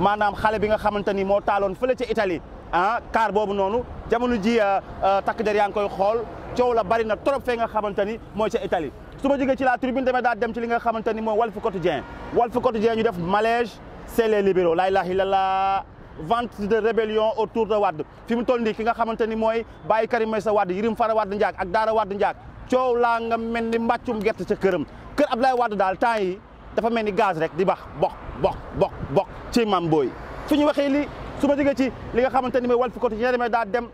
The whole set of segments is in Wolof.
maanaam xale bi nga xamante ni moo taaloon fële ca Italie ah car boobu noonu jamono ji euh, euh, takk der yaa ngi koy xool coow la bari na trop fee nga xamante ni mooy ca Italie su ma jógee ci la tribune demee daal dem ci li nga xamante ni mooy Walf Quotidien Walf Quotidien ñu def malaise c'est les libéraux la ilaha illallah vente de rébellion autour de Wade fi mu toll nii ki nga xamante ni mooy bàyyi Karim Meïssa Wade Yirim Fara Wade Ndiak ak Daara Wade Ndiak coow laa nga mel ni mbàccum gerte ca këram kër Abdoulaye Wade daal temps yi dafa mel ni gaz rek di bax box ci mam boy su waxé li suba ma ci li nga xamante ni mooy Walf Quotidien demee da dem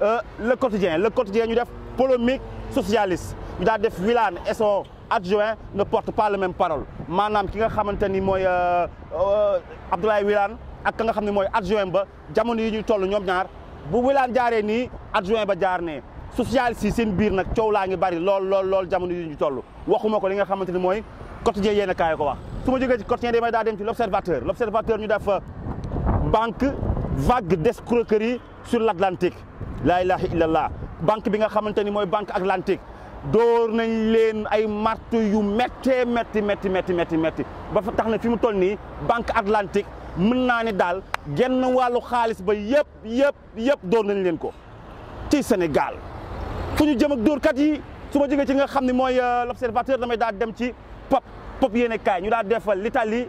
euh le quotidien le quotidien ñu def polémique socialiste ñu da def Wilane et son adjoint ne porte pas la même parole manam ki nga xamante moy euh, euh Abdoulaye Wilane ak nga xamni moy adjoint ba jamono yi ñu tollu ñom ñaar bu Wilane jaaré ni adjoint ba jaar né socialiste seen biir nak ciow la ngi bari lool lool lool jamono yi ñu tollu waxuma ko li nga xamante moy quotidien yéen kay ko wax su ma jógee ci quotidien damay daa dem ci l' observateur l' ñu def euh, banque vague d'escroquerie sur l'Atlantique. La laa ilaha illallah banque bi nga xamante ni banque Atlantique D'or nañ l'en ay martu yu méttee métti métti métti métti métti ba fa tax na fi toll nii banque Atlantique mën naa ne daal genn wàllu xaalis ba yëpp yëpp yëpp d'or nañ l'en ko ci Sénégal fu ñu jëm ak dóorkat yi su ma jógee ci nga xam ne mooy euh, l' observateur damay dem ci pop pop yéene l'Italie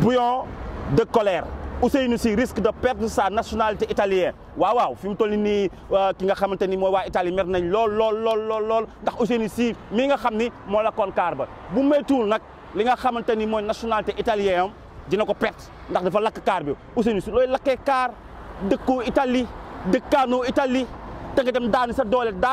bouillon de colère Ousseynou risque de perdre sa nationalité italienne waaw waaw fi mu toll nii euh, ki nga Italie mer nañ lool lool la nationalité italienne am dina ko ndax dafa bi Sy car de Italie Cano Italie ta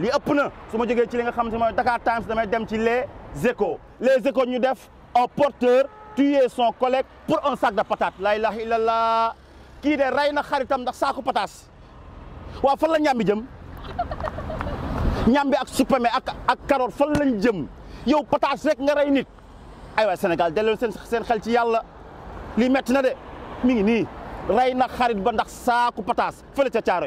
li ëpp na su ma ci li nga xam ne Dakar Times damay dem ci les échos les échos ñu def un porteur tuer son collègue pour un sac de patates la ilaha illallah ki dé rey na xaritam ndax saaku pataas wa fa la ñambi jëm ñambi ak supame ak ak carotte fan lañ jëm yow pataas rek nga ray nit ay wa Sénégal délo sen sen xel ci yalla li metti na dé mi ngi ni rey na xarit ba ndax saaku pataas fële ca caaro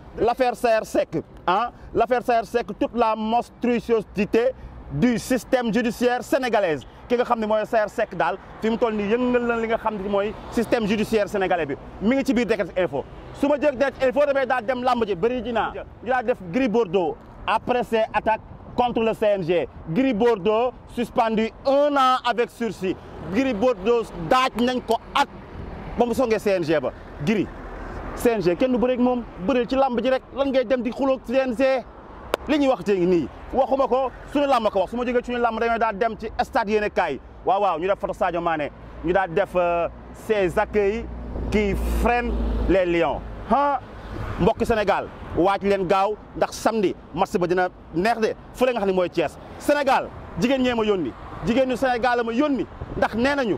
l'affaire Sec, hein, l'affaire Sec, toute la monstruosité du système judiciaire sénégalais ki nga système judiciaire sénégalais bi mi ngi Info je Info Bordeaux après ses attaques contre le CNG Gris Bordeaux suspendu un an avec sursis Gris Bordeaux CNG Gris CNG kenn du bëreeg moom bëreel ci làmb ji rek lan ngay dem di xuloog CNG li ñuy wax tey nii waxuma ko suñu làmb ko wax su ma jógee suñu làmb dañoo daal dem ci stade yéen kaay waaw waaw ñu def photo Sadio Mané ñu daal def ces euh, accueils qui freinent les lions ah mbokki Sénégal waaj leen gaaw ndax samedi match ba dina neex de fële ne mooy Thiès Sénégal jigéen ñee ma yónni jigéen ñu Sénégal ma yónni ndax nee nañu.